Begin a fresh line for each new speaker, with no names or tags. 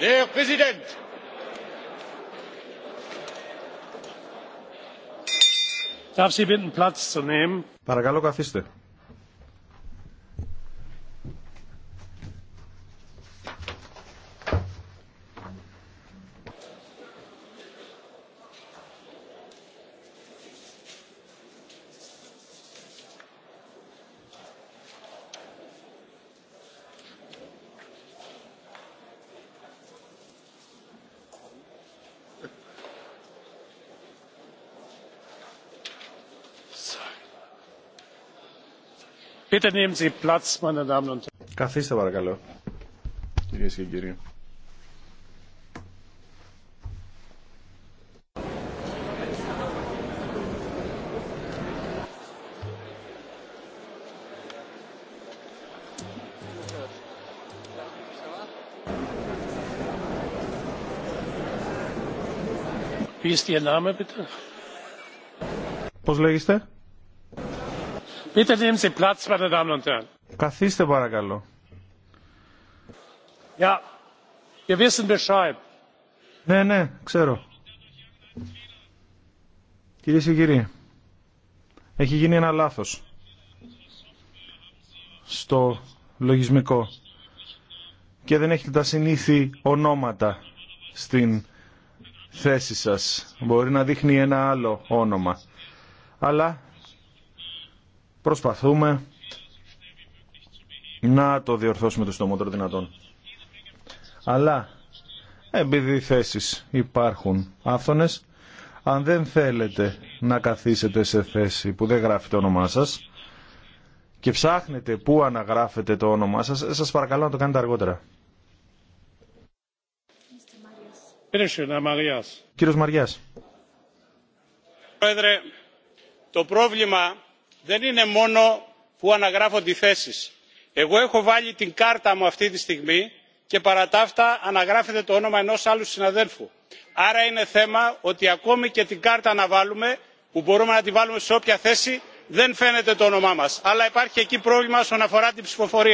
herr präsident!
ich darf sie bitten platz zu nehmen. Bitte nehmen Sie Platz, meine Damen und Herren.
Καθίστε παρακαλώ, κυρίες και κύριοι.
Wie ist Ihr Name, bitte?
Πώς λέγεστε? Καθίστε παρακαλώ. ναι, ναι, ξέρω. Κυρίε και κύριοι, έχει γίνει ένα λάθος στο λογισμικό και δεν έχετε τα συνήθη ονόματα στην θέση σας. Μπορεί να δείχνει ένα άλλο όνομα. Αλλά προσπαθούμε να το διορθώσουμε το συντομότερο δυνατόν. Αλλά επειδή θέσεις υπάρχουν άφθονες, αν δεν θέλετε να καθίσετε σε θέση που δεν γράφει το όνομά σας και ψάχνετε πού αναγράφετε το όνομά σας, σας παρακαλώ να το κάνετε αργότερα.
Κύριος Μαριάς. Πρόεδρε, το πρόβλημα δεν είναι μόνο που αναγράφονται οι θέσει. εγώ έχω βάλει την κάρτα μου αυτή τη στιγμή και παρά τα αυτά αναγράφεται το όνομα ενός άλλου συναδέλφου. άρα είναι θέμα ότι ακόμη και την κάρτα να βάλουμε που μπορούμε να τη βάλουμε σε όποια θέση δεν φαίνεται το όνομά μας αλλά υπάρχει εκεί πρόβλημα όσον αφορά την ψηφοφορία.